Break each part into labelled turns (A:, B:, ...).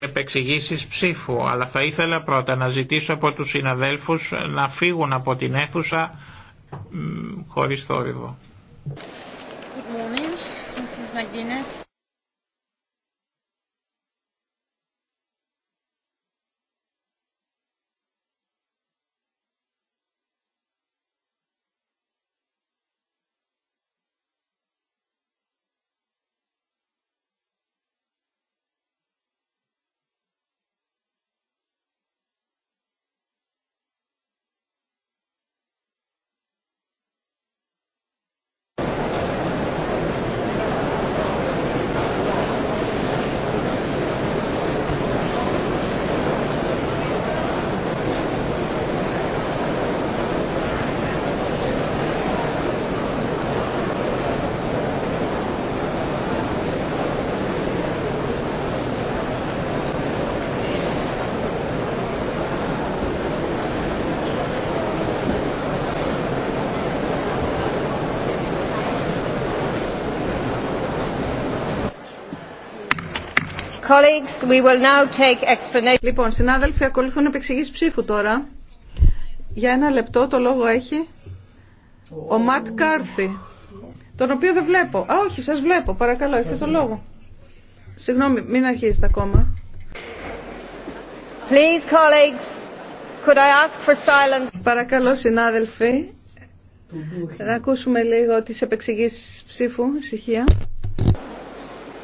A: επεξηγήσεις ψήφου, αλλά θα ήθελα πρώτα να ζητήσω από τους συναδέλφους να φύγουν από την αίθουσα χωρίς θόρυβο.
B: Λοιπόν, συνάδελφοι, ακολουθούν επεξηγήσεις ψήφου τώρα. Για ένα λεπτό το λόγο έχει ο Ματ Κάρθι, τον οποίο δεν βλέπω. Α, όχι, σας βλέπω. Παρακαλώ, έχετε το λόγο. Συγγνώμη, μην αρχίζετε ακόμα. Παρακαλώ, συνάδελφοι, να ακούσουμε λίγο τις επεξηγήσεις ψήφου. Ησυχία.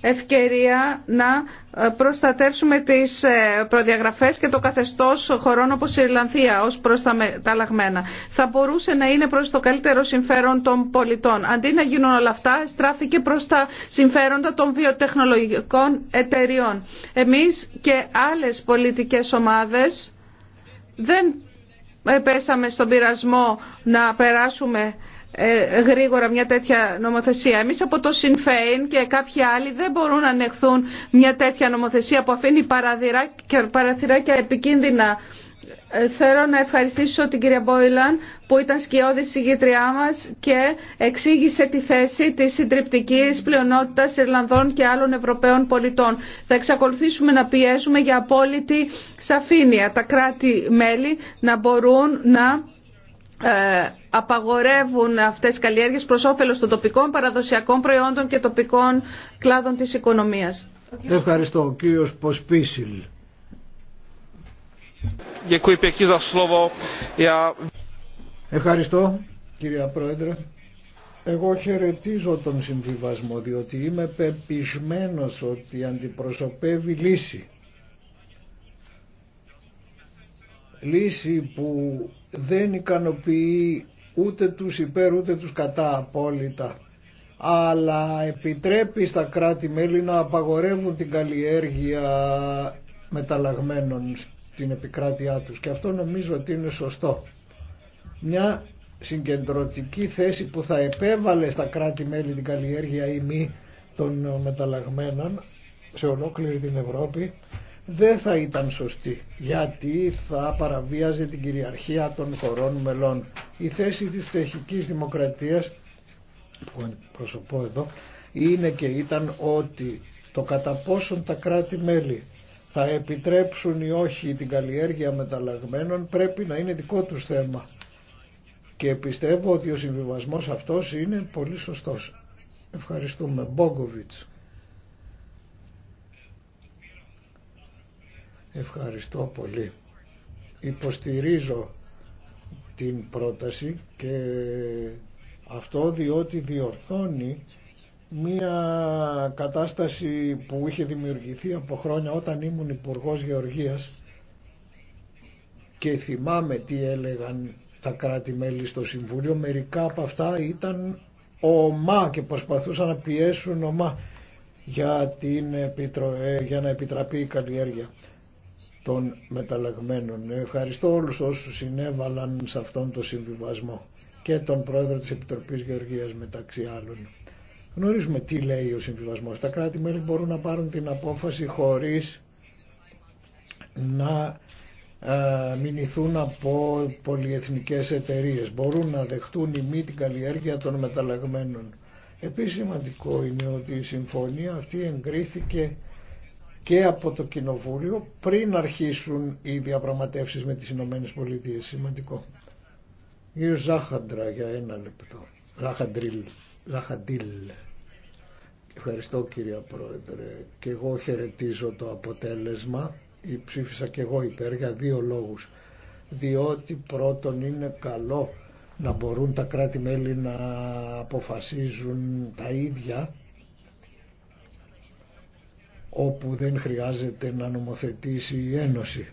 B: ευκαιρία να ε, προστατεύσουμε τις ε, προδιαγραφές και το καθεστώς χωρών όπως η Ιρλανδία ως προς τα μεταλλαγμένα. Θα μπορούσε να είναι προς το καλύτερο συμφέρον των πολιτών. Αντί να γίνουν όλα αυτά, στράφηκε προς τα συμφέροντα των βιοτεχνολογικών εταιριών. Εμείς και άλλες πολιτικές ομάδες δεν ε, πέσαμε στον πειρασμό να περάσουμε ε, γρήγορα μια τέτοια νομοθεσία. Εμεί από το Συνφέιν και κάποιοι άλλοι δεν μπορούν να ανεχθούν μια τέτοια νομοθεσία που αφήνει παραθυράκια επικίνδυνα. Ε, θέλω να ευχαριστήσω την κυρία Μπόιλαν που ήταν σκιώδη συγγήτριά μα και εξήγησε τη θέση τη συντριπτική πλειονότητα Ιρλανδών και άλλων Ευρωπαίων πολιτών. Θα εξακολουθήσουμε να πιέζουμε για απόλυτη σαφήνεια τα κράτη-μέλη να μπορούν να ε, απαγορεύουν αυτές οι καλλιέργειες προς όφελος των τοπικών παραδοσιακών προϊόντων και τοπικών κλάδων της οικονομίας.
C: Ευχαριστώ. Ο κύριος Ποσπίσιλ. Ευχαριστώ κυρία Πρόεδρε. Εγώ χαιρετίζω τον συμβιβασμό διότι είμαι πεπισμένος ότι αντιπροσωπεύει λύση λύση που δεν ικανοποιεί ούτε τους υπέρ ούτε τους κατά απόλυτα αλλά επιτρέπει στα κράτη-μέλη να απαγορεύουν την καλλιέργεια μεταλλαγμένων στην επικράτειά τους και αυτό νομίζω ότι είναι σωστό. Μια συγκεντρωτική θέση που θα επέβαλε στα κράτη-μέλη την καλλιέργεια ή μη των μεταλλαγμένων σε ολόκληρη την Ευρώπη δεν θα ήταν σωστή γιατί θα παραβίαζε την κυριαρχία των χωρών μελών. Η θέση της τσεχικής δημοκρατίας που προσωπώ εδώ είναι και ήταν ότι το κατά πόσον τα κράτη-μέλη θα επιτρέψουν ή όχι την καλλιέργεια μεταλλαγμένων πρέπει να είναι δικό τους θέμα και πιστεύω ότι ο συμβιβασμός αυτός είναι πολύ σωστός. Ευχαριστούμε. Μπόγκοβιτς. Ευχαριστώ πολύ. Υποστηρίζω την πρόταση και αυτό διότι διορθώνει μία κατάσταση που είχε δημιουργηθεί από χρόνια όταν ήμουν υπουργό Γεωργίας και θυμάμαι τι έλεγαν τα κράτη-μέλη στο Συμβούλιο. Μερικά από αυτά ήταν ομά και προσπαθούσαν να πιέσουν ομά για, την, ε, για να επιτραπεί η καλλιέργεια των μεταλλαγμένων. Ευχαριστώ όλους όσους συνέβαλαν σε αυτόν τον συμβιβασμό και τον πρόεδρο της Επιτροπής Γεωργίας μεταξύ άλλων. Γνωρίζουμε τι λέει ο συμβιβασμός. Τα κράτη-μέλη μπορούν να πάρουν την απόφαση χωρίς να ε, μηνυθούν από πολυεθνικές εταιρείες. Μπορούν να δεχτούν ή μη την καλλιέργεια των μεταλλαγμένων. Επίσης σημαντικό είναι ότι η συμφωνία αυτή εγκρίθηκε και από το Κοινοβούλιο πριν αρχίσουν οι διαπραγματεύσεις με τις Ηνωμένε Πολιτείες. Σημαντικό. Κύριο Ζάχαντρα για ένα λεπτό. Ζάχαντριλ. Ζάχαντιλ. Ευχαριστώ κύριε Πρόεδρε. Και εγώ χαιρετίζω το αποτέλεσμα. Ψήφισα και εγώ υπέρ για δύο λόγους. Διότι πρώτον είναι καλό να μπορούν τα κράτη-μέλη να αποφασίζουν τα ίδια όπου δεν χρειάζεται να νομοθετήσει η Ένωση.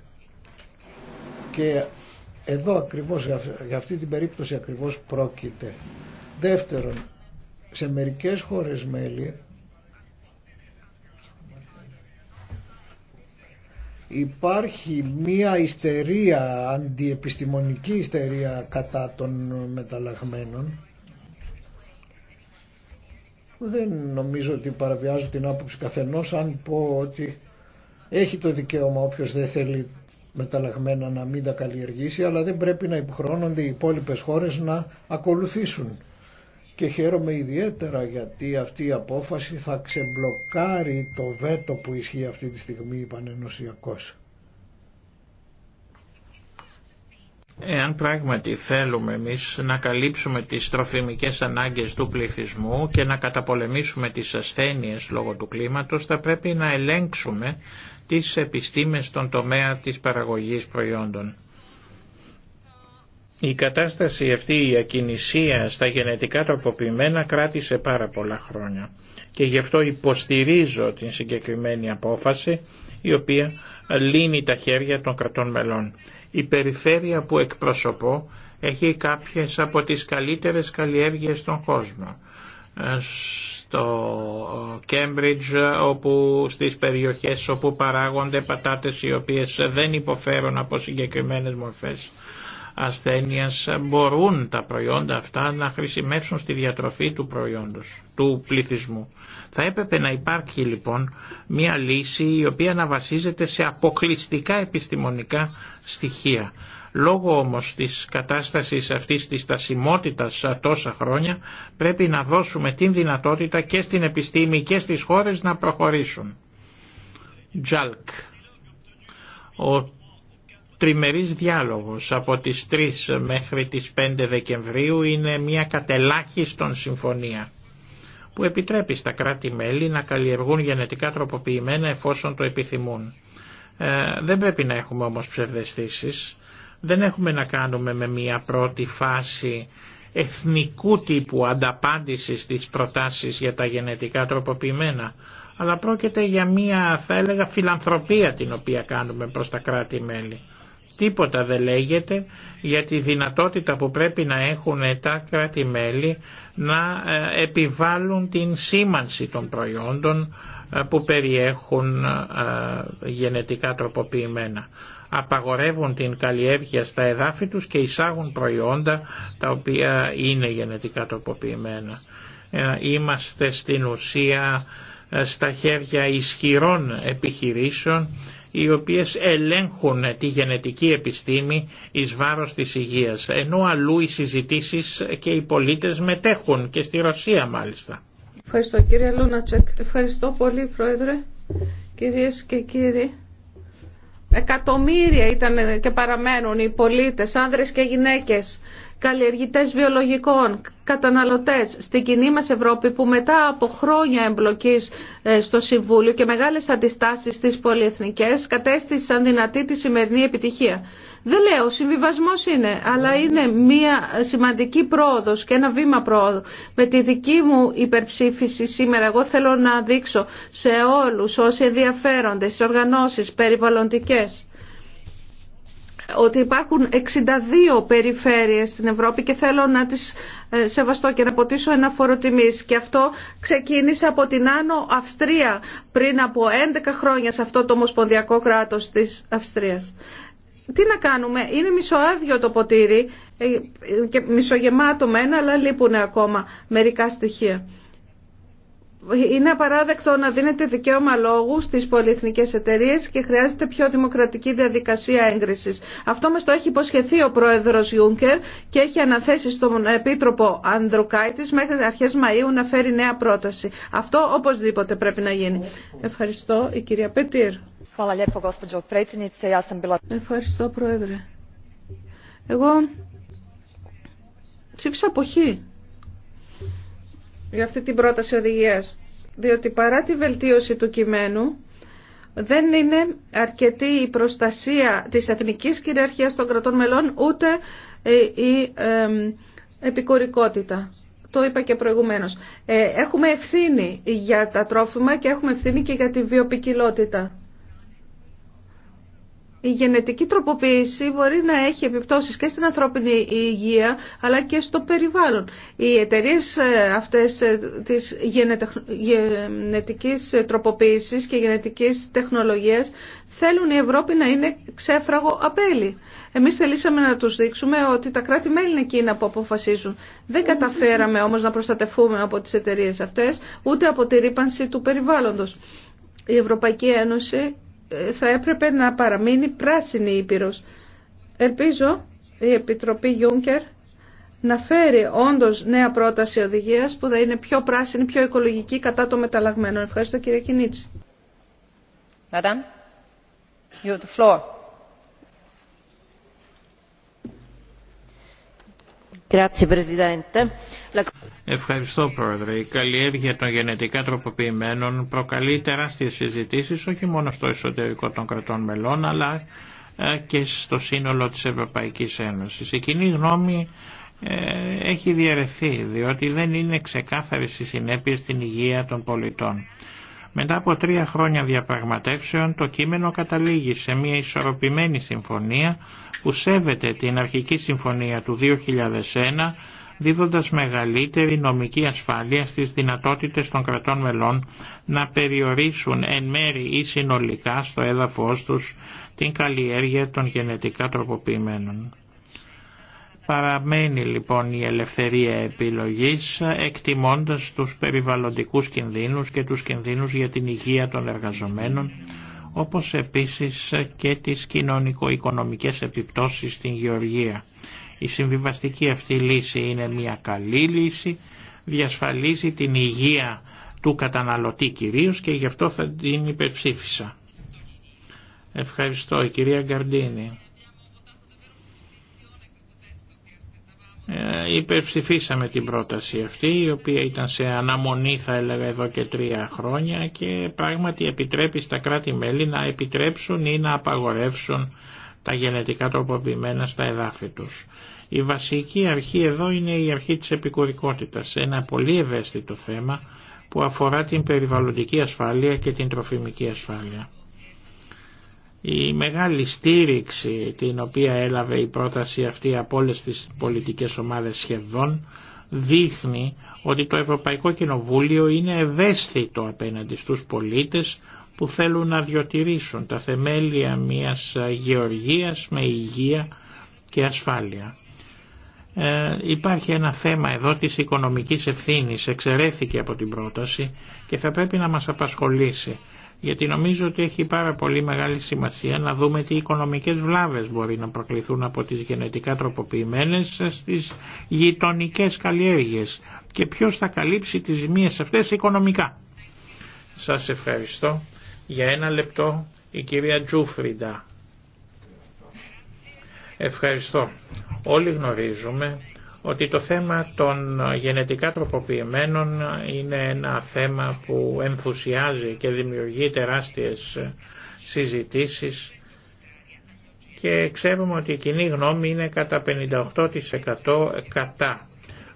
C: Και εδώ ακριβώς, για αυτή την περίπτωση ακριβώς πρόκειται. Δεύτερον, σε μερικές χώρες μέλη υπάρχει μία ιστερία, αντιεπιστημονική ιστερία κατά των μεταλλαγμένων δεν νομίζω ότι παραβιάζω την άποψη καθενός αν πω ότι έχει το δικαίωμα όποιος δεν θέλει μεταλλαγμένα να μην τα καλλιεργήσει αλλά δεν πρέπει να υποχρώνονται οι υπόλοιπε χώρες να ακολουθήσουν. Και χαίρομαι ιδιαίτερα γιατί αυτή η απόφαση θα ξεμπλοκάρει το βέτο που ισχύει αυτή τη στιγμή πανενωσιακός.
A: Εάν πράγματι θέλουμε εμείς να καλύψουμε τις τροφιμικές ανάγκες του πληθυσμού και να καταπολεμήσουμε τις ασθένειες λόγω του κλίματος, θα πρέπει να ελέγξουμε τις επιστήμες στον τομέα της παραγωγής προϊόντων. Η κατάσταση αυτή, η ακινησία στα γενετικά τροποποιημένα κράτησε πάρα πολλά χρόνια και γι' αυτό υποστηρίζω την συγκεκριμένη απόφαση η οποία λύνει τα χέρια των κρατών μελών. Η περιφέρεια που εκπροσωπώ έχει κάποιες από τις καλύτερες καλλιέργειες στον κόσμο. Ε, στο Κέμπριτζ όπου στις περιοχές όπου παράγονται πατάτες οι οποίες δεν υποφέρουν από συγκεκριμένες μορφές ασθένειας μπορούν τα προϊόντα αυτά να χρησιμεύσουν στη διατροφή του προϊόντος, του πληθυσμού. Θα έπρεπε να υπάρχει λοιπόν μια λύση η οποία να βασίζεται σε αποκλειστικά επιστημονικά στοιχεία. Λόγω όμως της κατάστασης αυτής της τασιμότητας τόσα χρόνια πρέπει να δώσουμε την δυνατότητα και στην επιστήμη και στις χώρες να προχωρήσουν. Τζάλκ. Ο τριμερής διάλογος από τις 3 μέχρι τις 5 Δεκεμβρίου είναι μια κατελάχιστον συμφωνία που επιτρέπει στα κράτη-μέλη να καλλιεργούν γενετικά τροποποιημένα εφόσον το επιθυμούν. Ε, δεν πρέπει να έχουμε όμως ψευδεστήσεις. Δεν έχουμε να κάνουμε με μια πρώτη φάση εθνικού τύπου ανταπάντησης στις προτάσεις για τα γενετικά τροποποιημένα, αλλά πρόκειται για μια θα έλεγα φιλανθρωπία την οποία κάνουμε προς τα κράτη-μέλη τίποτα δεν λέγεται για τη δυνατότητα που πρέπει να έχουν τα κράτη-μέλη να ε, επιβάλλουν την σήμανση των προϊόντων ε, που περιέχουν ε, γενετικά τροποποιημένα. Απαγορεύουν την καλλιέργεια στα εδάφη τους και εισάγουν προϊόντα τα οποία είναι γενετικά τροποποιημένα. Είμαστε στην ουσία στα χέρια ισχυρών επιχειρήσεων οι οποίες ελέγχουν τη γενετική επιστήμη εις βάρος της υγείας, ενώ αλλού οι συζητήσεις και οι πολίτες μετέχουν και στη Ρωσία μάλιστα.
B: Ευχαριστώ κύριε Λούνατσεκ. Ευχαριστώ πολύ πρόεδρε. Κυρίες και κύριοι. Εκατομμύρια ήταν και παραμένουν οι πολίτες, άνδρες και γυναίκες καλλιεργητές βιολογικών, καταναλωτές στην κοινή μας Ευρώπη που μετά από χρόνια εμπλοκής ε, στο Συμβούλιο και μεγάλες αντιστάσεις στις πολυεθνικές κατέστησαν δυνατή τη σημερινή επιτυχία. Δεν λέω, συμβιβασμό είναι, αλλά είναι μια σημαντική πρόοδο και ένα βήμα πρόοδου. Με τη δική μου υπερψήφιση σήμερα, εγώ θέλω να δείξω σε όλου όσοι ενδιαφέρονται, στι οργανώσει περιβαλλοντικέ, ότι υπάρχουν 62 περιφέρειες στην Ευρώπη και θέλω να τις ε, σεβαστώ και να ποτίσω ένα φοροτιμής. Και αυτό ξεκίνησε από την Άνω Αυστρία πριν από 11 χρόνια σε αυτό το ομοσπονδιακό κράτος της Αυστρίας. Τι να κάνουμε, είναι μισοάδιο το ποτήρι ε, ε, και μισογεμάτο με ένα, αλλά λείπουν ακόμα μερικά στοιχεία είναι απαράδεκτο να δίνετε δικαίωμα λόγου στις πολυεθνικές εταιρείες και χρειάζεται πιο δημοκρατική διαδικασία έγκρισης. Αυτό μας το έχει υποσχεθεί ο πρόεδρος Ιούνκερ και έχει αναθέσει στον Επίτροπο Ανδρουκάητης μέχρι αρχές Μαΐου να φέρει νέα πρόταση. Αυτό οπωσδήποτε πρέπει να γίνει. Ευχαριστώ η κυρία Πετήρ. Ευχαριστώ πρόεδρε. Εγώ ψήφισα αποχή για αυτή την πρόταση οδηγίας. Διότι παρά τη βελτίωση του κειμένου, δεν είναι αρκετή η προστασία της εθνικής κυριαρχίας των κρατών μελών, ούτε ε, η επικορικότητα. Το είπα και προηγουμένως. Ε, έχουμε ευθύνη για τα τρόφιμα και έχουμε ευθύνη και για τη βιοπικιλότητα η γενετική τροποποίηση μπορεί να έχει επιπτώσεις και στην ανθρώπινη υγεία αλλά και στο περιβάλλον. Οι εταιρείε ε, αυτές ε, της γενετικής τροποποίησης και γενετικής τεχνολογίας θέλουν η Ευρώπη να είναι ξέφραγο απέλη. Εμείς θελήσαμε να τους δείξουμε ότι τα κράτη-μέλη είναι εκείνα που αποφασίζουν. Δεν καταφέραμε όμως να προστατευτούμε από τις εταιρείε αυτές ούτε από τη ρήπανση του περιβάλλοντος. Η Ευρωπαϊκή Ένωση θα έπρεπε να παραμείνει πράσινη ήπειρος. Ελπίζω η Επιτροπή Γιούνκερ να φέρει όντως νέα πρόταση οδηγίας που θα είναι πιο πράσινη, πιο οικολογική κατά το μεταλλαγμένο. Ευχαριστώ κύριε Κινίτσι. Madame, you have
A: Ευχαριστώ Πρόεδρε. Η καλλιέργεια των γενετικά τροποποιημένων προκαλεί τεράστιες συζητήσεις όχι μόνο στο εσωτερικό των κρατών μελών αλλά ε, και στο σύνολο της Ευρωπαϊκής Ένωσης. Η κοινή γνώμη ε, έχει διαρρεθεί διότι δεν είναι ξεκάθαρη οι συνέπειες στην υγεία των πολιτών. Μετά από τρία χρόνια διαπραγματεύσεων το κείμενο καταλήγει σε μια ισορροπημένη συμφωνία που σέβεται την αρχική συμφωνία του 2001 δίδοντας μεγαλύτερη νομική ασφάλεια στις δυνατότητες των κρατών μελών να περιορίσουν εν μέρη ή συνολικά στο έδαφος τους την καλλιέργεια των γενετικά τροποποιημένων. Παραμένει λοιπόν η ελευθερία επιλογής εκτιμώντας τους περιβαλλοντικούς κινδύνους και τους κινδύνους για την υγεία των εργαζομένων όπως επίσης και τις κοινωνικο-οικονομικές επιπτώσεις στην γεωργία. Η συμβιβαστική αυτή λύση είναι μια καλή λύση, διασφαλίζει την υγεία του καταναλωτή κυρίως και γι' αυτό θα την υπερψήφισα. Ευχαριστώ η κυρία Γκαρντίνη. Ε, υπερψηφίσαμε την πρόταση αυτή η οποία ήταν σε αναμονή θα έλεγα εδώ και τρία χρόνια και πράγματι επιτρέπει στα κράτη-μέλη να επιτρέψουν ή να απαγορεύσουν τα γενετικά τροποποιημένα στα εδάφη τους. Η βασική αρχή εδώ είναι η αρχή της επικουρικότητας, ένα πολύ ευαίσθητο θέμα που αφορά την περιβαλλοντική ασφάλεια και την τροφιμική ασφάλεια. Η μεγάλη στήριξη την οποία έλαβε η πρόταση αυτή από όλες τις πολιτικές ομάδες σχεδόν δείχνει ότι το Ευρωπαϊκό Κοινοβούλιο είναι ευαίσθητο απέναντι στους πολίτες που θέλουν να διοτηρήσουν τα θεμέλια μιας γεωργίας με υγεία και ασφάλεια. Ε, υπάρχει ένα θέμα εδώ της οικονομικής ευθύνης, εξαιρέθηκε από την πρόταση και θα πρέπει να μας απασχολήσει γιατί νομίζω ότι έχει πάρα πολύ μεγάλη σημασία να δούμε τι οικονομικές βλάβες μπορεί να προκληθούν από τις γενετικά τροποποιημένες στις γειτονικέ καλλιέργειες και ποιος θα καλύψει τις ζημίες αυτές οικονομικά. Σας ευχαριστώ. Για ένα λεπτό η κυρία Τζούφριντα. Ευχαριστώ. Όλοι γνωρίζουμε ότι το θέμα των γενετικά τροποποιημένων είναι ένα θέμα που ενθουσιάζει και δημιουργεί τεράστιες συζητήσεις και ξέρουμε ότι η κοινή γνώμη είναι κατά 58% κατά.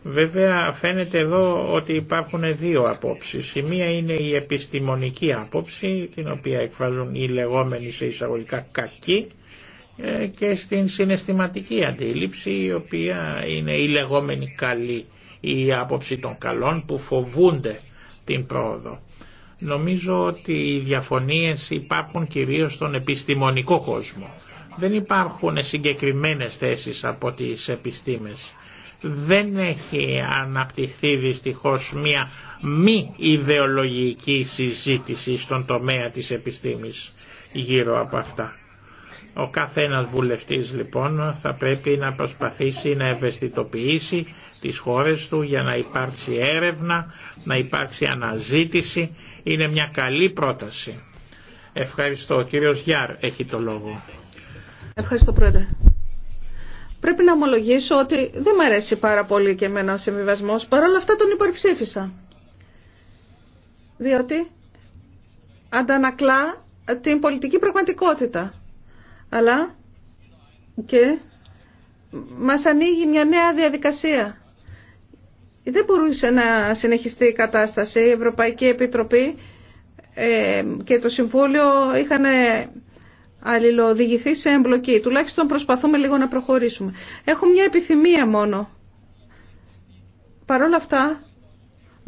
A: Βέβαια φαίνεται εδώ ότι υπάρχουν δύο απόψεις. Η μία είναι η επιστημονική άποψη, την οποία εκφράζουν οι λεγόμενοι σε εισαγωγικά κακοί, ε, και στην συναισθηματική αντίληψη η οποία είναι η λεγόμενη καλή ή η άποψη των καλών που φοβούνται την πρόοδο. Νομίζω ότι οι διαφωνίες υπάρχουν κυρίως στον επιστημονικό κόσμο. Δεν υπάρχουν συγκεκριμένες θέσεις από τις επιστήμες. Δεν έχει αναπτυχθεί δυστυχώς μία μη ιδεολογική συζήτηση στον τομέα της επιστήμης γύρω από αυτά. Ο κάθε ένας βουλευτής λοιπόν θα πρέπει να προσπαθήσει να ευαισθητοποιήσει τις χώρες του για να υπάρξει έρευνα, να υπάρξει αναζήτηση. Είναι μια καλή πρόταση. Ευχαριστώ. Ο κύριος Γιάρ έχει το λόγο.
B: Ευχαριστώ πρόεδρε. Πρέπει να ομολογήσω ότι δεν μου αρέσει πάρα πολύ και εμένα ο συμβιβασμό, παρόλα αυτά τον υπερψήφισα. Διότι αντανακλά την πολιτική πραγματικότητα αλλά και μας ανοίγει μια νέα διαδικασία. Δεν μπορούσε να συνεχιστεί η κατάσταση. Η Ευρωπαϊκή Επιτροπή ε, και το Συμβούλιο είχαν αλληλοδηγηθεί σε εμπλοκή. Τουλάχιστον προσπαθούμε λίγο να προχωρήσουμε. Έχω μια επιθυμία μόνο. Παρ' όλα αυτά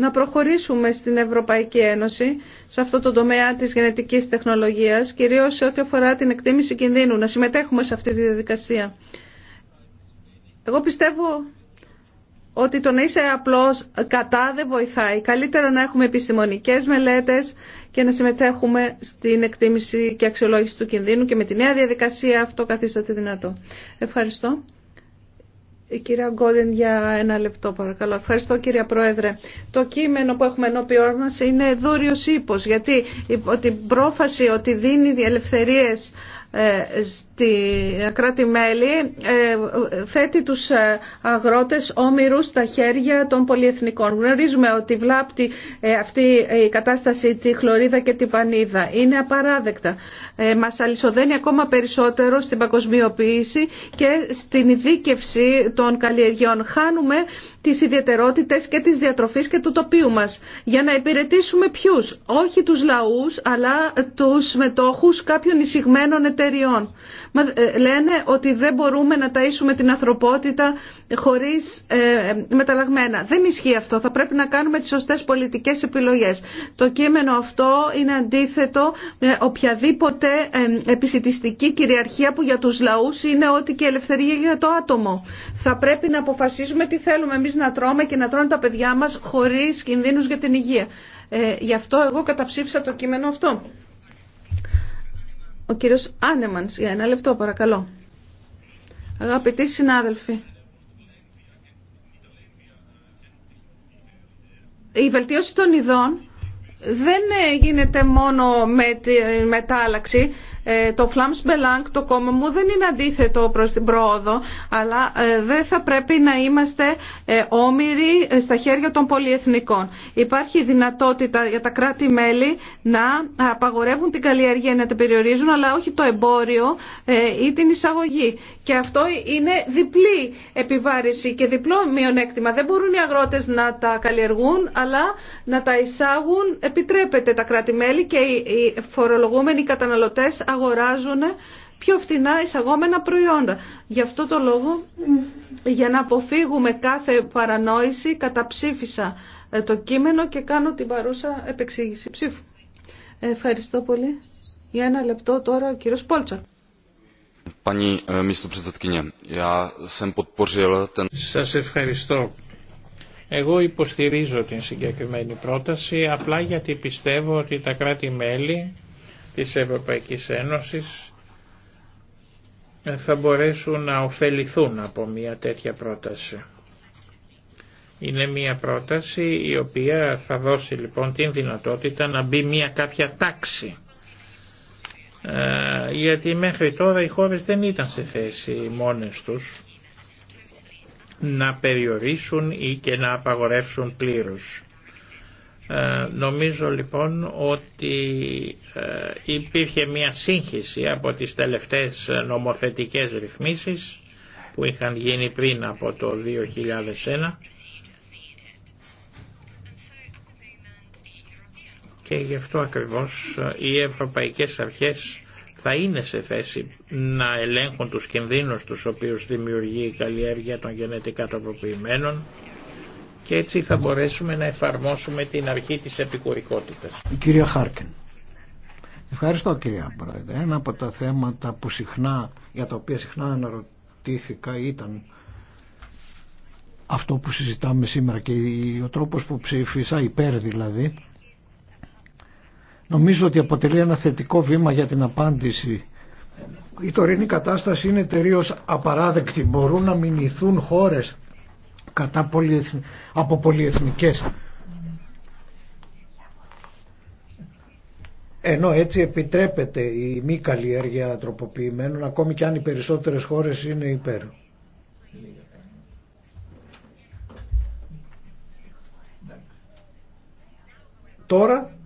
B: να προχωρήσουμε στην Ευρωπαϊκή Ένωση σε αυτό το τομέα της γενετικής τεχνολογίας, κυρίως σε ό,τι αφορά την εκτίμηση κινδύνου, να συμμετέχουμε σε αυτή τη διαδικασία. Εγώ πιστεύω ότι το να είσαι απλώς κατά δεν βοηθάει. Καλύτερα να έχουμε επιστημονικές μελέτες και να συμμετέχουμε στην εκτίμηση και αξιολόγηση του κινδύνου και με τη νέα διαδικασία αυτό καθίσταται δυνατό. Ευχαριστώ. Η ε, κυρία Γκόλιν για ένα λεπτό παρακαλώ. Ευχαριστώ κυρία Πρόεδρε. Το κείμενο που έχουμε ενώπιόν μας είναι δούριος ύπος γιατί την πρόφαση ότι δίνει ελευθερίες ε, στη κράτη-μέλη ε, θέτει τους ε, αγρότες όμοιρους στα χέρια των πολυεθνικών. Γνωρίζουμε ότι βλάπτει αυτή η κατάσταση τη χλωρίδα και την πανίδα. Είναι απαράδεκτα. Μας αλυσοδένει ακόμα περισσότερο στην παγκοσμιοποίηση και στην ειδίκευση των καλλιεργειών. Χάνουμε τις ιδιαιτερότητες και της διατροφής και του τοπίου μας. Για να υπηρετήσουμε ποιους, όχι τους λαούς, αλλά τους μετόχους κάποιων εισηγμένων εταιριών. Ε, λένε ότι δεν μπορούμε να ταΐσουμε την ανθρωπότητα χωρίς ε, ε, μεταλλαγμένα. Δεν ισχύει αυτό. Θα πρέπει να κάνουμε τις σωστές πολιτικές επιλογές. Το κείμενο αυτό είναι αντίθετο με οποιαδήποτε ε, επισητιστική κυριαρχία που για τους λαούς είναι ό,τι και ελευθερία για το άτομο. Θα πρέπει να αποφασίζουμε τι θέλουμε εμείς να τρώμε και να τρώνε τα παιδιά μας χωρίς κινδύνους για την υγεία. Ε, γι' αυτό εγώ καταψήφισα το κείμενο αυτό. Ο κύριος Άνεμανς, για ένα λεπτό παρακαλώ. Αγαπητοί συνάδελφοι, η βελτίωση των ειδών δεν γίνεται μόνο με τη μετάλλαξη ε, το Flams Belang, το κόμμα μου, δεν είναι αντίθετο προς την πρόοδο, αλλά ε, δεν θα πρέπει να είμαστε ε, όμοιροι στα χέρια των πολιεθνικών. Υπάρχει δυνατότητα για τα κράτη-μέλη να απαγορεύουν την καλλιέργεια, να την περιορίζουν, αλλά όχι το εμπόριο ή την εισαγωγή. Και αυτό είναι διπλή επιβάρηση και διπλό μειονέκτημα. Δεν μπορούν οι αγρότες να τα καλλιεργούν, αλλά να τα εισάγουν επιτρέπεται τα κράτη-μέλη και οι φορολογούμενοι καταναλωτές αγοράζουν πιο φτηνά εισαγόμενα προϊόντα. Γι' αυτό το λόγο, για να αποφύγουμε κάθε παρανόηση, καταψήφισα ε, το κείμενο και κάνω την παρούσα επεξήγηση ψήφου. Ευχαριστώ πολύ. Για ένα λεπτό τώρα ο κύριος Πόλτσα.
C: Ε,
A: Σας ευχαριστώ. Εγώ υποστηρίζω την συγκεκριμένη πρόταση απλά γιατί πιστεύω ότι τα κράτη-μέλη της Ευρωπαϊκής Ένωσης ε, θα μπορέσουν να ωφεληθούν από μια τέτοια πρόταση. Είναι μια πρόταση η οποία θα δώσει λοιπόν την δυνατότητα να μπει μια κάποια τάξη. Ε, γιατί μέχρι τώρα οι χώρες δεν ήταν σε θέση μόνες τους να περιορίσουν ή και να απαγορεύσουν πλήρως ε, νομίζω λοιπόν ότι ε, υπήρχε μια σύγχυση από τις τελευταίες νομοθετικές ρυθμίσεις που είχαν γίνει πριν από το 2001 και γι' αυτό ακριβώς ε, οι ευρωπαϊκές αρχές θα είναι σε θέση να ελέγχουν τους κινδύνους τους οποίους δημιουργεί η καλλιέργεια των γενετικά τροποποιημένων και έτσι θα μπορέσουμε να εφαρμόσουμε την αρχή της επικουρικότητας. Κυρία Χάρκεν.
C: Ευχαριστώ κυρία Πρόεδρε. Ένα από τα θέματα που συχνά, για τα οποία συχνά αναρωτήθηκα ήταν αυτό που συζητάμε σήμερα και ο τρόπος που ψήφισα, υπέρ δηλαδή, νομίζω ότι αποτελεί ένα θετικό βήμα για την απάντηση. Η τωρινή κατάσταση είναι τελείω απαράδεκτη. Μπορούν να μηνυθούν χώρες κατά πολυεθν... από πολυεθνικές. Ενώ έτσι επιτρέπεται η μη καλλιέργεια τροποποιημένων, ακόμη και αν οι περισσότερες χώρες είναι υπέρ. Τώρα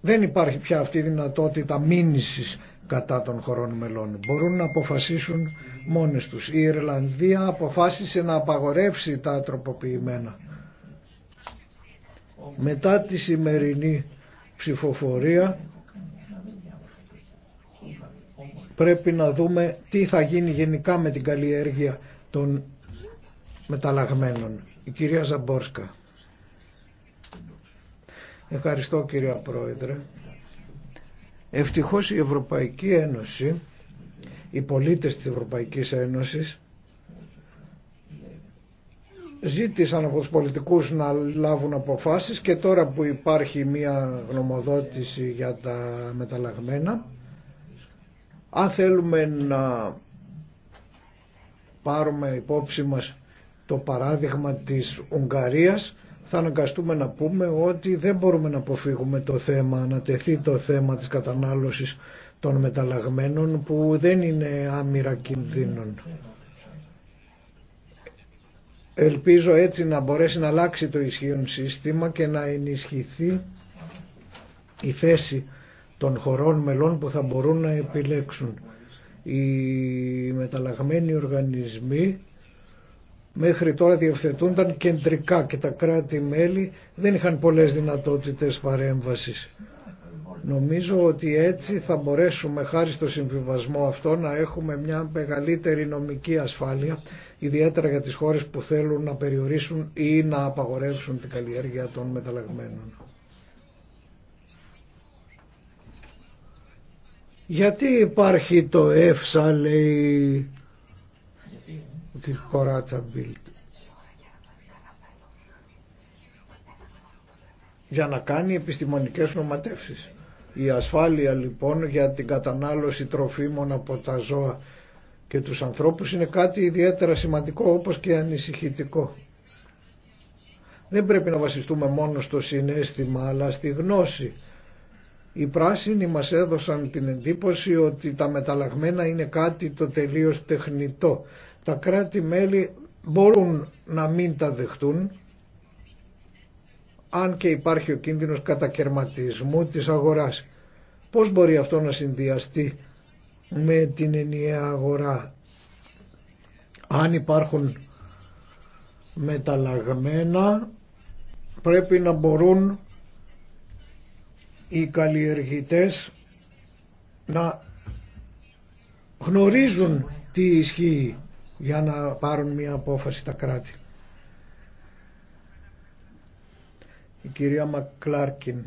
C: δεν υπάρχει πια αυτή η δυνατότητα μήνυσης κατά των χωρών μελών. Μπορούν να αποφασίσουν μόνες τους. Η Ιρλανδία αποφάσισε να απαγορεύσει τα τροποποιημένα. Μετά τη σημερινή ψηφοφορία πρέπει να δούμε τι θα γίνει γενικά με την καλλιέργεια των μεταλλαγμένων. Η κυρία Ζαμπόρσκα. Ευχαριστώ κυρία Πρόεδρε. Ευτυχώς η Ευρωπαϊκή Ένωση, οι πολίτες της Ευρωπαϊκής Ένωσης ζήτησαν από τους πολιτικούς να λάβουν αποφάσεις και τώρα που υπάρχει μια γνωμοδότηση για τα μεταλλαγμένα αν θέλουμε να πάρουμε υπόψη μας το παράδειγμα της Ουγγαρίας θα αναγκαστούμε να πούμε ότι δεν μπορούμε να αποφύγουμε το θέμα, να τεθεί το θέμα της κατανάλωσης των μεταλλαγμένων που δεν είναι άμυρα κινδύνων. Ελπίζω έτσι να μπορέσει να αλλάξει το ισχύον σύστημα και να ενισχυθεί η θέση των χωρών μελών που θα μπορούν να επιλέξουν. Οι μεταλλαγμένοι οργανισμοί μέχρι τώρα διευθετούνταν κεντρικά και τα κράτη-μέλη δεν είχαν πολλές δυνατότητες παρέμβασης. Νομίζω ότι έτσι θα μπορέσουμε χάρη στο συμβιβασμό αυτό να έχουμε μια μεγαλύτερη νομική ασφάλεια, ιδιαίτερα για τις χώρες που θέλουν να περιορίσουν ή να απαγορεύσουν την καλλιέργεια των μεταλλαγμένων. Γιατί υπάρχει το ΕΦΣΑ λέει τη για να κάνει επιστημονικές νοματεύσεις. Η ασφάλεια λοιπόν για την κατανάλωση τροφίμων από τα ζώα και τους ανθρώπους είναι κάτι ιδιαίτερα σημαντικό όπως και ανησυχητικό. Δεν πρέπει να βασιστούμε μόνο στο συνέστημα αλλά στη γνώση. Οι πράσινοι μας έδωσαν την εντύπωση ότι τα μεταλλαγμένα είναι κάτι το τελείως τεχνητό. Τα κράτη-μέλη μπορούν να μην τα δεχτούν αν και υπάρχει ο κίνδυνος κατακαιρματισμού της αγοράς. Πώς μπορεί αυτό να συνδυαστεί με την ενιαία αγορά. Αν υπάρχουν μεταλλαγμένα πρέπει να μπορούν οι καλλιεργητές να γνωρίζουν τι ισχύει για να πάρουν μια απόφαση τα κράτη. Η κυρία Μακλάρκιν.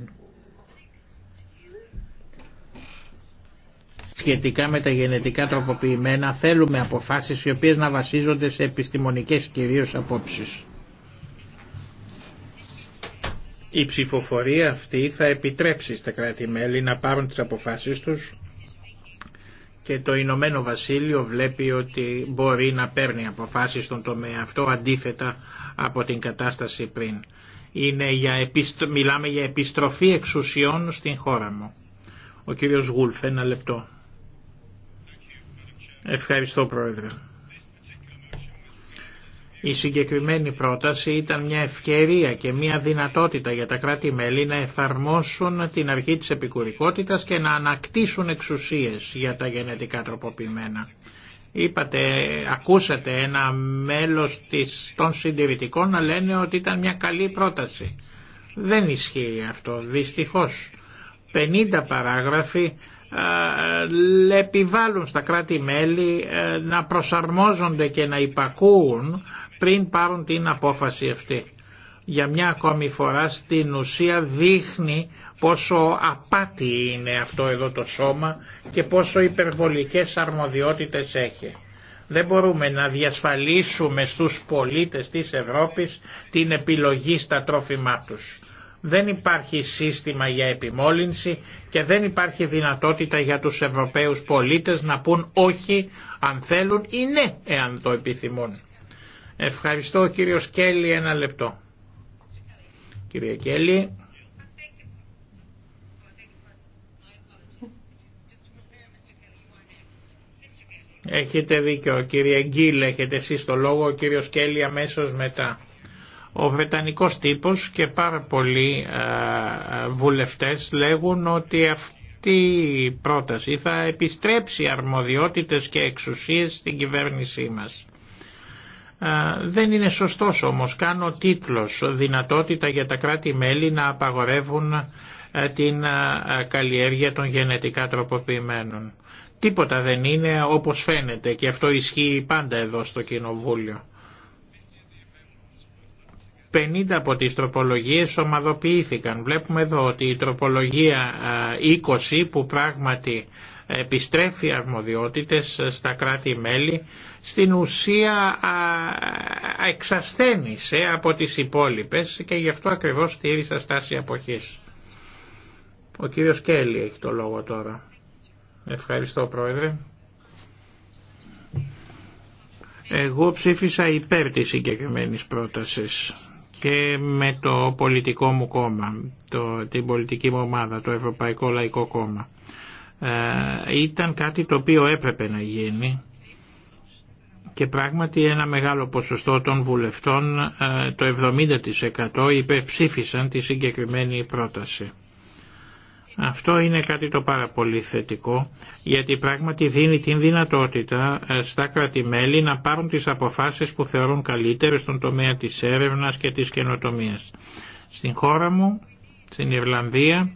A: Σχετικά με τα γενετικά τροποποιημένα θέλουμε αποφάσεις οι οποίες να βασίζονται σε επιστημονικές κυρίως απόψεις. Η ψηφοφορία αυτή θα επιτρέψει στα κράτη-μέλη να πάρουν τις αποφάσεις τους και το Ηνωμένο Βασίλειο βλέπει ότι μπορεί να παίρνει αποφάσεις στον τομέα αυτό αντίθετα από την κατάσταση πριν. Είναι για επιστρο... Μιλάμε για επιστροφή εξουσιών στην χώρα μου. Ο κύριος Γούλφ, ένα λεπτό. Ευχαριστώ Πρόεδρε. Η συγκεκριμένη πρόταση ήταν μια ευκαιρία και μια δυνατότητα για τα κράτη-μέλη να εφαρμόσουν την αρχή της επικουρικότητας και να ανακτήσουν εξουσίες για τα γενετικά τροποποιημένα. Είπατε, ακούσατε ένα μέλος της, των συντηρητικών να λένε ότι ήταν μια καλή πρόταση. Δεν ισχύει αυτό, δυστυχώς. 50 παράγραφοι επιβάλλουν στα κράτη-μέλη ε, να προσαρμόζονται και να υπακούουν πριν πάρουν την απόφαση αυτή. Για μια ακόμη φορά στην ουσία δείχνει πόσο απάτη είναι αυτό εδώ το σώμα και πόσο υπερβολικές αρμοδιότητες έχει. Δεν μπορούμε να διασφαλίσουμε στους πολίτες της Ευρώπης την επιλογή στα τρόφιμά τους. Δεν υπάρχει σύστημα για επιμόλυνση και δεν υπάρχει δυνατότητα για τους Ευρωπαίους πολίτες να πούν όχι αν θέλουν ή ναι εάν το επιθυμούν. Ευχαριστώ κύριο Σκέλη ένα λεπτό. Κύριε Κέλλη. Έχετε δίκιο κύριε Γκίλ, έχετε εσείς το λόγο, ο κύριος Κέλλη αμέσως μετά. Ο Βρετανικός τύπος και πάρα πολλοί βουλευτές λέγουν ότι αυτή η πρόταση θα επιστρέψει αρμοδιότητες και εξουσίες στην κυβέρνησή μας. Δεν είναι σωστός όμως, κάνω τίτλος, δυνατότητα για τα κράτη-μέλη να απαγορεύουν την καλλιέργεια των γενετικά τροποποιημένων. Τίποτα δεν είναι όπως φαίνεται και αυτό ισχύει πάντα εδώ στο Κοινοβούλιο. 50 από τις τροπολογίες ομαδοποιήθηκαν. Βλέπουμε εδώ ότι η τροπολογία 20 που πράγματι επιστρέφει αρμοδιότητες στα κράτη-μέλη στην ουσία εξασθένησε από τις υπόλοιπες και γι' αυτό ακριβώς στήρισα στάση αποχής. Ο κύριος Κέλλη έχει το λόγο τώρα. Ευχαριστώ πρόεδρε. Εγώ ψήφισα υπέρ της συγκεκριμένης πρότασης και με το πολιτικό μου κόμμα, το, την πολιτική μου ομάδα, το Ευρωπαϊκό Λαϊκό Κόμμα. Ε, ήταν κάτι το οποίο έπρεπε να γίνει και πράγματι ένα μεγάλο ποσοστό των βουλευτών, ε, το 70% υπερψήφισαν τη συγκεκριμένη πρόταση. Αυτό είναι κάτι το πάρα πολύ θετικό, γιατί πράγματι δίνει την δυνατότητα ε, στα κρατημέλη να πάρουν τις αποφάσεις που θεωρούν καλύτερες στον τομέα της έρευνας και της καινοτομίας. Στην χώρα μου, στην Ιρλανδία,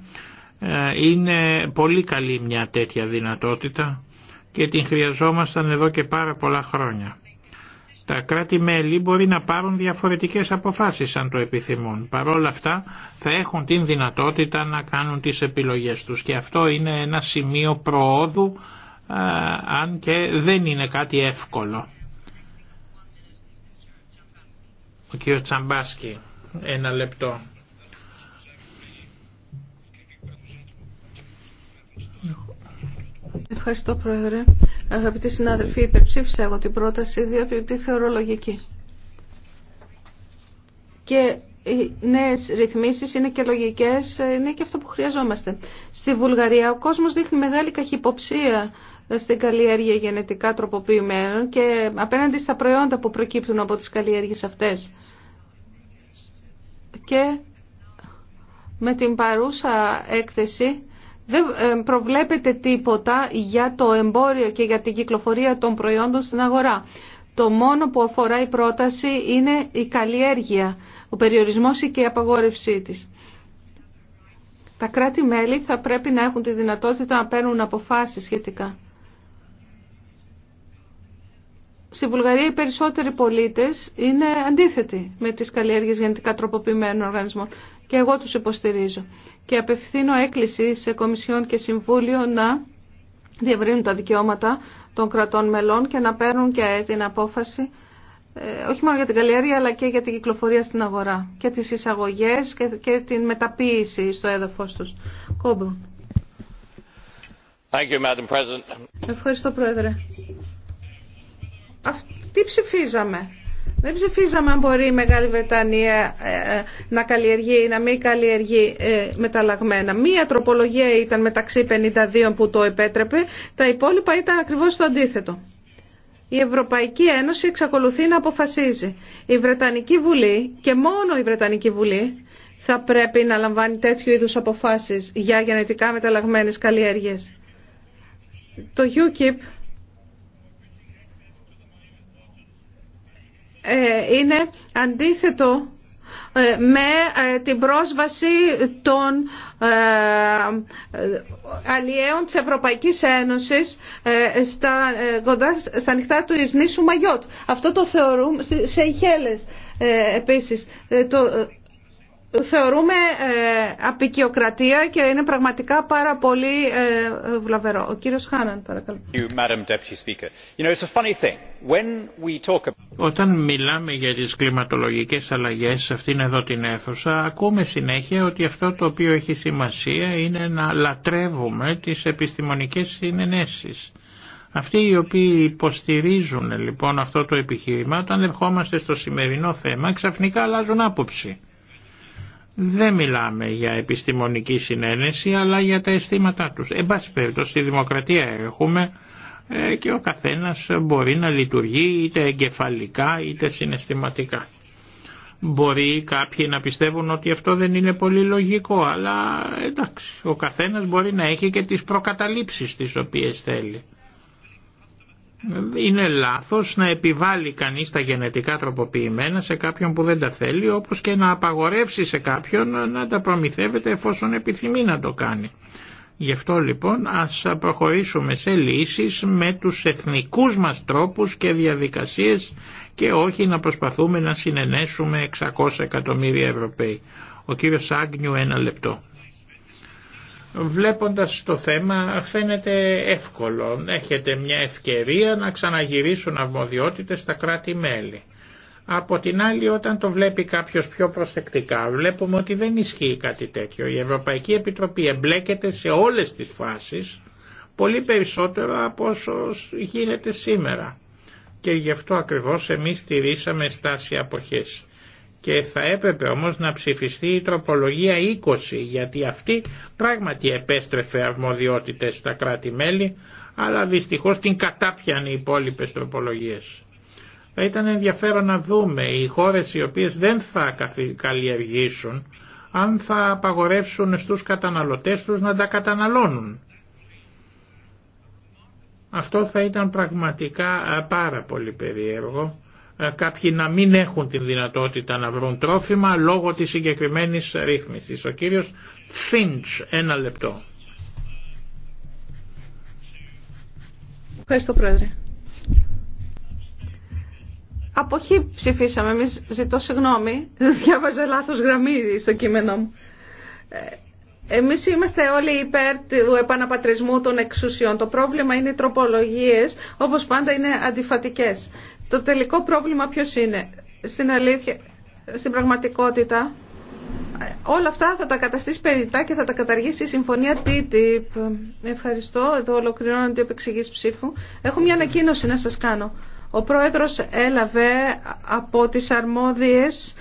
A: ε, είναι πολύ καλή μια τέτοια δυνατότητα και την χρειαζόμασταν εδώ και πάρα πολλά χρόνια. Τα κράτη-μέλη μπορεί να πάρουν διαφορετικές αποφάσεις αν το επιθυμούν. Παρ' όλα αυτά θα έχουν την δυνατότητα να κάνουν τις επιλογές τους και αυτό είναι ένα σημείο προόδου ε, αν και δεν είναι κάτι εύκολο. Ο κ. Τσαμπάσκι, ένα λεπτό.
B: Ευχαριστώ, Πρόεδρε. Αγαπητοί συνάδελφοι, υπερψήφισα εγώ την πρόταση, διότι τη θεωρώ λογική. Και οι νέε ρυθμίσει είναι και λογικές, είναι και αυτό που χρειαζόμαστε. Στη Βουλγαρία ο κόσμος δείχνει μεγάλη καχυποψία στην καλλιέργεια γενετικά τροποποιημένων και απέναντι στα προϊόντα που προκύπτουν από τι καλλιέργειε αυτέ. Και με την παρούσα έκθεση δεν ε, προβλέπεται τίποτα για το εμπόριο και για την κυκλοφορία των προϊόντων στην αγορά. Το μόνο που αφορά η πρόταση είναι η καλλιέργεια, ο περιορισμός και η απαγόρευσή της. Τα κράτη-μέλη θα πρέπει να έχουν τη δυνατότητα να παίρνουν αποφάσεις σχετικά. Στη Βουλγαρία οι περισσότεροι πολίτες είναι αντίθετοι με τις καλλιέργειες γενετικά τροποποιημένων οργανισμών και εγώ τους υποστηρίζω και απευθύνω έκκληση σε Κομισιόν και Συμβούλιο να διευρύνουν τα δικαιώματα των κρατών μελών και να παίρνουν και την απόφαση ε, όχι μόνο για την καλλιέργεια αλλά και για την κυκλοφορία στην αγορά και τις εισαγωγές και, την μεταποίηση στο έδαφος τους. Κόμπο. Ευχαριστώ Πρόεδρε. Αυτή ψηφίζαμε. Δεν ψηφίζαμε αν μπορεί η Μεγάλη Βρετανία ε, ε, να καλλιεργεί ή να μην καλλιεργεί ε, μεταλλαγμένα. Μία τροπολογία ήταν μεταξύ 52 που το επέτρεπε, τα υπόλοιπα ήταν ακριβώς το αντίθετο. Η Ευρωπαϊκή Ένωση εξακολουθεί να αποφασίζει. Η Βρετανική Βουλή και μόνο η Βρετανική Βουλή θα πρέπει να λαμβάνει τέτοιου είδους αποφάσεις για γενετικά μεταλλαγμένες καλλιέργειες. Το UKIP Ε, είναι αντίθετο ε, με ε, την πρόσβαση των αλλιέων της Ευρωπαϊκής Ένωσης στα, κοντά στα νυχτά του Ισνήσου Μαγιώτ. Αυτό το θεωρούμε σε Ιχέλες επίσης. Το θεωρούμε ε, απεικιοκρατία και είναι πραγματικά πάρα πολύ ε, βλαβερό. Ο κύριος Χάναν, παρακαλώ.
A: Όταν μιλάμε για τις κλιματολογικές αλλαγές σε αυτήν εδώ την αίθουσα, ακούμε συνέχεια ότι αυτό το οποίο έχει σημασία είναι να λατρεύουμε τις επιστημονικές συνενέσεις. Αυτοί οι οποίοι υποστηρίζουν λοιπόν αυτό το επιχείρημα, όταν ερχόμαστε στο σημερινό θέμα, ξαφνικά αλλάζουν άποψη δεν μιλάμε για επιστημονική συνένεση αλλά για τα αισθήματά τους. Εν στη δημοκρατία έχουμε ε, και ο καθένας μπορεί να λειτουργεί είτε εγκεφαλικά είτε συναισθηματικά. Μπορεί κάποιοι να πιστεύουν ότι αυτό δεν είναι πολύ λογικό αλλά εντάξει ο καθένας μπορεί να έχει και τις προκαταλήψεις τις οποίες θέλει είναι λάθος να επιβάλλει κανείς τα γενετικά τροποποιημένα σε κάποιον που δεν τα θέλει όπως και να απαγορεύσει σε κάποιον να τα προμηθεύεται εφόσον επιθυμεί να το κάνει. Γι' αυτό λοιπόν ας προχωρήσουμε σε λύσεις με τους εθνικούς μας τρόπους και διαδικασίες και όχι να προσπαθούμε να συνενέσουμε 600 εκατομμύρια Ευρωπαίοι. Ο κύριος Άγνιου ένα λεπτό. Βλέποντας το θέμα φαίνεται εύκολο. Έχετε μια ευκαιρία να ξαναγυρίσουν αρμοδιότητες στα κράτη-μέλη. Από την άλλη όταν το βλέπει κάποιος πιο προσεκτικά βλέπουμε ότι δεν ισχύει κάτι τέτοιο. Η Ευρωπαϊκή Επιτροπή εμπλέκεται σε όλες τις φάσεις πολύ περισσότερο από όσο γίνεται σήμερα. Και γι' αυτό ακριβώς εμείς στηρίσαμε στάση αποχές και θα έπρεπε όμως να ψηφιστεί η τροπολογία 20 γιατί αυτή πράγματι επέστρεφε αρμοδιότητες στα κράτη-μέλη αλλά δυστυχώς την κατάπιανε οι υπόλοιπε τροπολογίες. Θα ήταν ενδιαφέρον να δούμε οι χώρες οι οποίες δεν θα καλλιεργήσουν αν θα απαγορεύσουν στους καταναλωτές τους να τα καταναλώνουν. Αυτό θα ήταν πραγματικά πάρα πολύ περίεργο ε, κάποιοι να μην έχουν την δυνατότητα να βρουν τρόφιμα λόγω της συγκεκριμένης ρύθμισης. Ο κύριος Φίντς, ένα λεπτό.
B: Ευχαριστώ Πρόεδρε. Αποχή ψηφίσαμε, εμεί ζητώ συγγνώμη, διάβαζα λάθος γραμμή στο κείμενό μου. Ε, εμείς είμαστε όλοι υπέρ του επαναπατρισμού των εξουσιών. Το πρόβλημα είναι οι τροπολογίες, όπως πάντα είναι αντιφατικές. Το τελικό πρόβλημα ποιος είναι. Στην αλήθεια, στην πραγματικότητα, όλα αυτά θα τα καταστήσει περιτά και θα τα καταργήσει η συμφωνία TTIP. Ευχαριστώ. Εδώ ολοκληρώνονται οι επεξηγείς ψήφου. Έχω μια ανακοίνωση να σας κάνω. Ο πρόεδρος έλαβε από τις αρμόδιες